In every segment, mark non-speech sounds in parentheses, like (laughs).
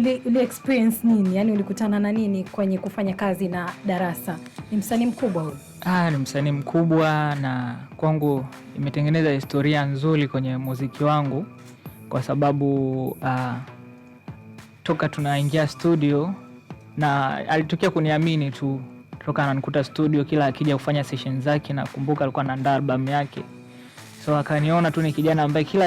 Uli, uli experience nini? yani ulikutana na nini kwenye kufanya kazi na Darasa? Ni msanii mkubwa huyu. Ah, ni msanii mkubwa na kwangu imetengeneza historia nzuri kwenye muziki wangu kwa sababu ah, toka tunaingia studio na alitokea kuniamini tu toka ananikuta studio, kila akija kufanya session zake, nakumbuka alikuwa anaandaa albamu yake so akaniona tu ni kijana ambaye kila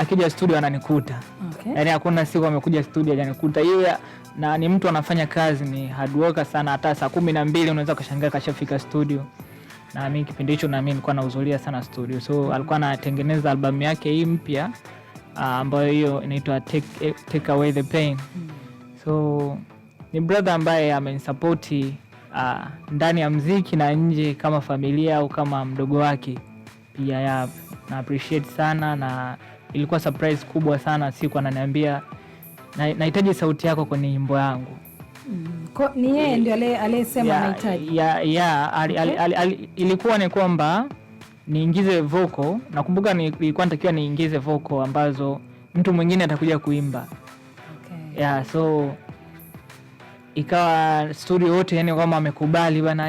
akija studio ananikuta okay. Yani hakuna siku amekuja studio ajanikuta yeye, na ni mtu anafanya kazi, ni hadwoka sana. Hata saa kumi na mbili unaweza ukashangaa kashafika studio na mi kipindi hicho nami mimi nilikuwa nahudhuria sana studio, so alikuwa anatengeneza albamu yake hii mpya ah, ambayo hiyo inaitwa take, take away the pain. Hmm. So ni brother ambaye amenisapoti ah, ndani ya mziki na nje, kama familia au kama mdogo wake ya na appreciate sana, na ilikuwa surprise kubwa sana siku ananiambia nahitaji na sauti yako kwenye nyimbo yangu. Mm, ni yeye ndio aliyesema anahitaji. Ya, ilikuwa ni kwamba niingize voko nakumbuka ni, natakiwa niingize voko ambazo mtu mwingine atakuja kuimba. Okay. Yeah, so ikawa studio wote yani kwamba amekubali bana,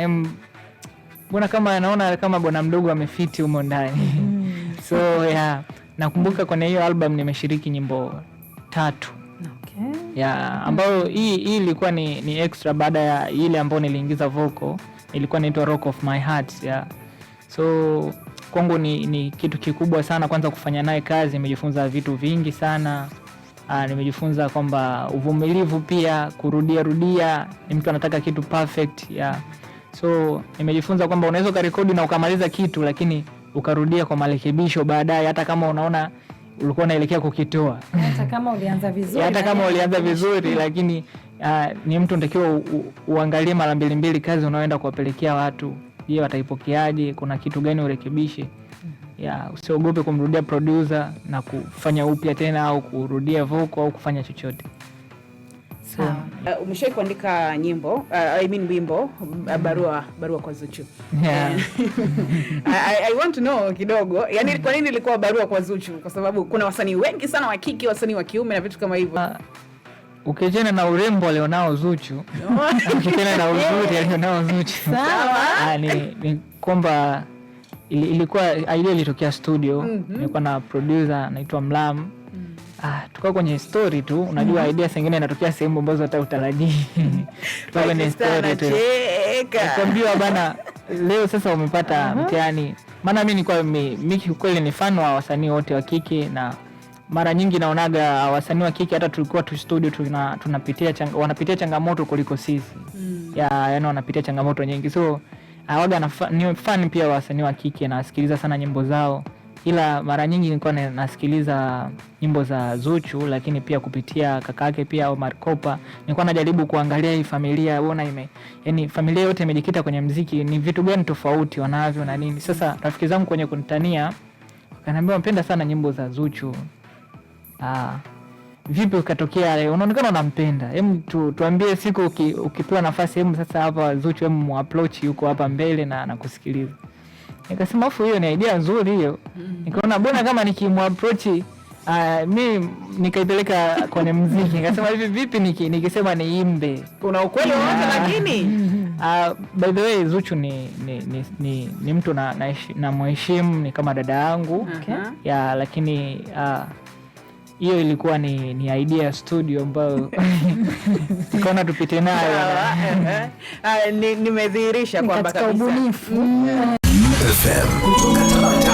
mbona kama anaona kama bwana mdogo amefiti humo ndani mm. so yeah, nakumbuka kwenye hiyo album nimeshiriki nyimbo tatu okay. yeah, ambayo hii hii ilikuwa ni, ni extra baada ya ile ambayo niliingiza vocal ilikuwa inaitwa Rock of My Heart yeah. so kwangu ni, ni kitu kikubwa sana kwanza kufanya naye kazi. Nimejifunza vitu vingi sana. Aa, ah, nimejifunza kwamba uvumilivu pia, kurudia rudia, ni mtu anataka kitu perfect yeah. So nimejifunza kwamba unaweza ukarekodi na ukamaliza kitu, lakini ukarudia kwa marekebisho baadaye, hata kama unaona ulikuwa unaelekea kukitoa, hata kama ulianza vizuri, hata kama ulianza vizuri lakini uh, ni mtu unatakiwa uangalie mara mbili mbili kazi unaoenda kuwapelekea watu. Je, wataipokeaje? Kuna kitu gani urekebishe? Mhm. Yeah, usiogope kumrudia producer na kufanya upya tena au kurudia voko au kufanya chochote. Sawa. Uh, eh, umeshawahi kuandika nyimbo uh, I mean wimbo eh, barua barua kwa Zuchu yeah. (laughs) I, I want to know kidogo, yani kwa nini ilikuwa barua kwa Zuchu? Kwa sababu kuna wasanii wengi sana wa kike, wasanii wa kiume na vitu kama hivyo uh, ukiachana na urembo alionao Zuchu (laughs) ukiachana na uzuri alionao Zuchu sawa, ah, ni, ni kwamba ilikuwa idea ilitokea studio mm -hmm. nilikuwa na producer anaitwa Mlam mm. Ah, tukao kwenye story tu, unajua mm. idea zingine inatokea sehemu ambazo hata utarajii. tukao (laughs) kwenye story tu. Nikwambiwa bana leo sasa umepata uh -huh. mtihani. Maana mimi nilikuwa Miki kweli ni fan wa wasanii wote wa kike na mara nyingi naonaga wasanii wa kike hata tulikuwa tu studio tuna, tunapitia chang, wanapitia changamoto kuliko sisi mm. ya yani wanapitia changamoto nyingi so awaga ni fan pia wasanii wa kike, nasikiliza sana nyimbo zao ila mara nyingi nilikuwa nasikiliza nyimbo za Zuchu, lakini pia kupitia kaka yake pia au Markopa nilikuwa najaribu kuangalia hii familia ona ime, yani familia yote imejikita kwenye mziki, ni vitu gani tofauti wanavyo na nini. Sasa rafiki zangu kwenye kunitania wakaniambia wampenda sana nyimbo za Zuchu. Ah, vipi ukatokea unaonekana unampenda, hem tu, tuambie siku uki, ukipewa nafasi, hem sasa hapa Zuchu, hem muapproach yuko hapa mbele na anakusikiliza. Nikasema afu hiyo ni idea nzuri hiyo. Mm-hmm. Nikaona bona kama nikimapproach uh, ah, mi nikaipeleka kwenye mziki nikasema hivi vipi niki, nikisema niimbe. Kuna ukweli wote ah. lakini Uh, (laughs) by the way Zuchu ni, ni, ni, ni, ni mtu na na ni kama dada yangu okay. Uh-huh. ya lakini hiyo ilikuwa ni, ni idea ya studio ambayo tukaona (laughs) tupite nayo. Eh, eh. Nimedhihirisha kwamba kabisa ubunifu mm. FM.